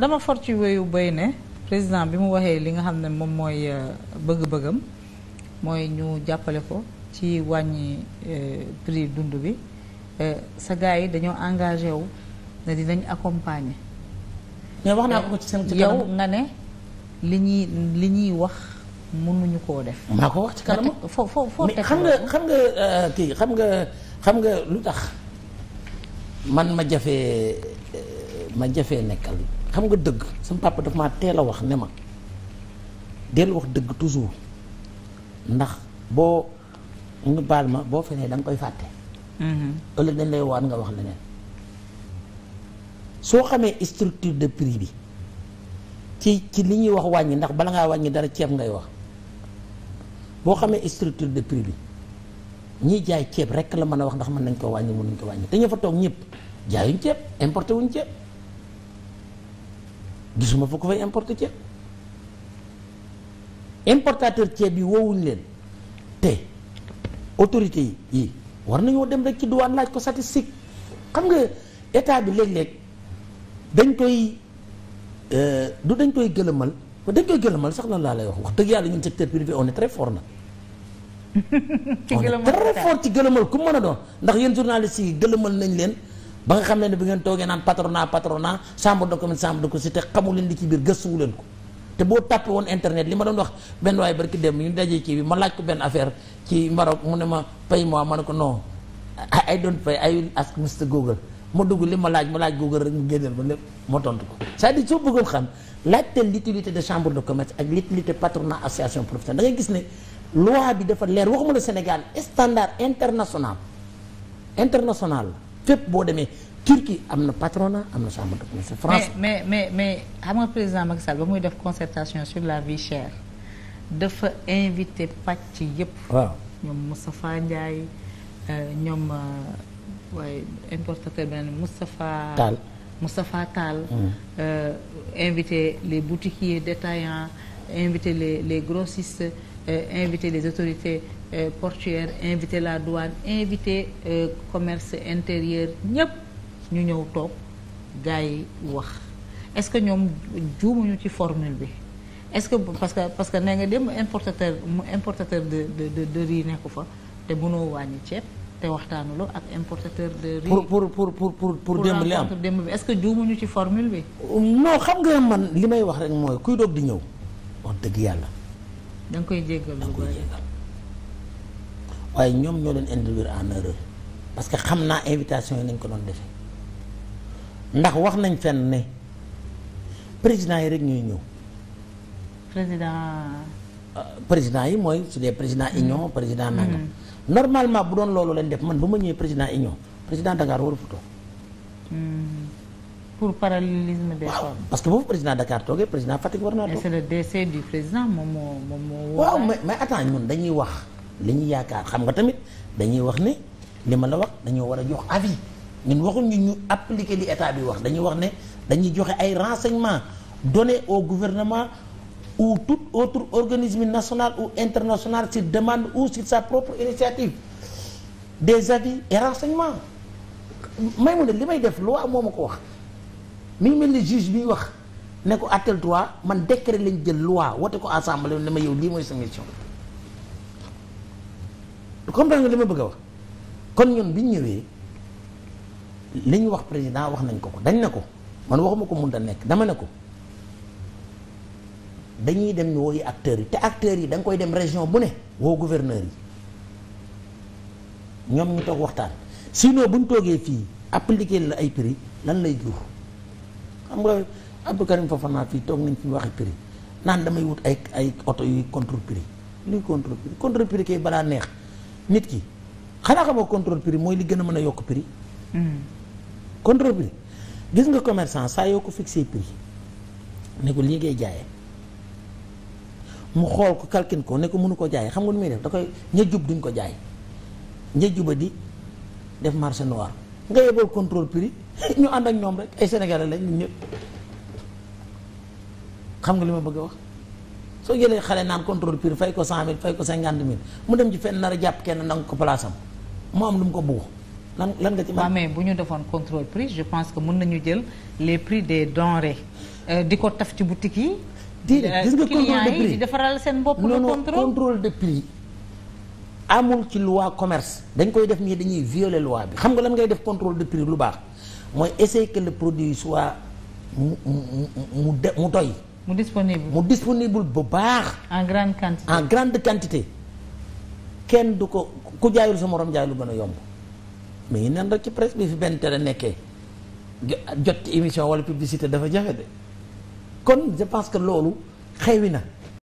dama for ci bay ne président bi mu waxee li nga xam ne moom mooy euh, bëgg-bëggam mooy ñu jàppale ko ci wàññi euh, prix dund bi euh, sa gars yi dañoo engagé wu ne dinañ accompagner. mais wax naa ko ci seen yow nga ne li ñuy li ñuy wax mënuñu koo ko wax ci kanam foo foo foo teg xam nga xam nga kii xam nga xam nga lu tax man ma jafe. ma jafe nekkal xam nga dëgg sama papa daf ma teel a wax ne ma dellu wax dëgg toujours ndax boo nga baal ma boo fenee da koy fàtte mhm. ëllëg dañ lay waat nga wax leneen soo xamee structure de prix bi ci ci li ñuy wax wàññi ndax bala ngaa wàññi dara ceeb ngay wax boo xamee structure de prix bi ñiy jaay ceeb rek la mën a wax ndax mën nañ ko wàññi mënuñ ko wàññi te ñu fa toog ñëpp jaayuñ ceeb importé wuñ ceeb gisuma fa ko fay importer ceeb importateur ceeb yi woowuñ leen te autorité yi war nañoo dem rek ci duwaan laaj ko statistique xam nga état bi léeg-léeg dañ koy euh, du dañ koy gëlëmal dañ koy gëlëmal sax na laa lay wax wax dëgg yàlla ñun secteur privé on est très fort na on est très fort ci gëlëmal ku mën a doon ndax yéen journalistes yi gëlëmal nañ leen ba nga xam ne bi ngeen toogee naan patronat patronat chambre de commerce chambre de commerce te xamu leen li ci biir gëstuwu leen ko te boo tàppee woon internet li ma doon wax benn waaye barki dem ñu dajee kii bi ma laaj ko benn affaire ci Maroc mu ne ma pay moi ma ne ko non I don't pay I will ask Mr Google ma dugg li ma laaj ma laaj Google rek mu génneel ma lépp ma tontu ko c'est-à-dire soo bëggoon xam laajteel l'utilité de chambre de commerce ak l'utilité patronat association professionnelle da ngay gis ne loi bi dafa leer waxuma la Sénégal standard international international fépp boo demee Turquie am na patronat am na chambre de commerce France. mais mais mais xam nga président Macky Sall ba muy def concertation sur la vie chère dafa invité pàcc yëpp. waaw ñoom Moustapha Ndiaye euh, ñoom euh, waaye importateur beneen Moustapha. Tall Moustapha Tall. Hmm. Euh, invité les boutiquiers détaillants invité les les grossistes invité les autorités. Euh, portuaire invité la douane invité euh, commerce intérieur ñëpp ñu ñëw toog gars yi wax est-ce que ñoom juumuñu ci formule bi est-ce que parce que parce que nee nga dem importateur mu importateur de de de riz nekku fa te mënoo wàññi ceeb te waxtaanuloo ak importateur de riz. pour pour pour pour pour pour démb li am bi est-ce que juumuñu ci formule bi. non xam nga man li may wax rek mooy kuy doog di ñëw. wax dëgg yàlla. da nga koy jéggal lu bari waaye ñoom ñoo doon induire en erreur parce que xam naa invitation yi nañ ko doon defee ndax wax nañ fen ne président yi rek ñooy ñëw. président. Euh, président yi mooy su dee président mm. union président mm. nangam. normalement bu doon loolu leen def man bu ma ñëwee président union président Dakar waru fa toog. Mm. pour parallélisme des parce que boobu président Dakar toogee président Fatick war naa toog. et c'est le décès du président moom moo moom moo. waaw mais mais attends ñun dañuy wax. li ñu yaakaar xam nga tamit dañuy wax ni li ma la wax dañoo war a jox avis ñun waxul ñu ñu appliquer li état bi wax dañuy wax ne dañuy joxe ay renseignements donnés au gouvernement ou tout autre organisme national au international sur demande au sur sa propre initiative des avis et renseignements may mu ne li may def loi moo ma ko wax mi ngi mel ni juge bi wax ne ko article 3 man décret lañ jël loi wote ko assemblée ne ma yow lii mooy sa comprendre nga li bëgg a wax kon ñun bi ñu ñëwee li ñu wax président wax nañ ko ko dañ ne ko man waxuma ko mun mënta nekk dama ne ko dañuy dem ñu wooyu acteur yi te acteur yi da koy dem région bu ne woo gouverneur yi ñoom ñu toog waxtaan bu ñu toogee fii app appliqué la ay prix lan lay jur xam nga Abdou Karim Fofana fii toog nañ fi wax prix naan damay wut ay ay oto yuy contre prix luy contre prix contre prix kay balaa neex nit ki xanaa xamoo contrôle prix mooy li gën a mën a yokk prix. contrôle prix gis nga commerçant saa yoo ko fixé prix ne ko lii ngay jaayee mu xool ko calcule ko ne ko mënu ko jaay xam nga nu muy def da koy ña jub duñ ko jaay ña juba di def marché noir nga yebal contrôle prix ñu ànd ak ñoom rek ay sénégalais lañ xam nga li ma bëgg a wax. soo jëlee xale naan contrôle pur fay ko cent mille fay ko cinquante mille mu dem ji fenn nar jàpp kenn nangu ko place am mu am lu mu ko buux lan lan nga ci mën. mais bu ñu defoon contrôle prix je pense que mën nañu jël les prix des denrées euh, di ko taf ci boutique yi. di euh, gis nga contrôle de prix di defaral seen bopp le contrôle contrôle de prix. amul ci loi commerce dañ koy def nii dañuy violer loi bi xam nga lan ngay def contrôle de prix lu baax mooy essayer que le produit soit mu mu mu doy. mu disponible mu disponible bu baax. en grande quantité en grande quantité. kenn du ko ku jaayul sa morom jaay lu gën a yomb mais yi nan rek ci presse bi fi benn télé nekkee jot ci émission wala publicité dafa jafe de kon je pense que loolu xewi na.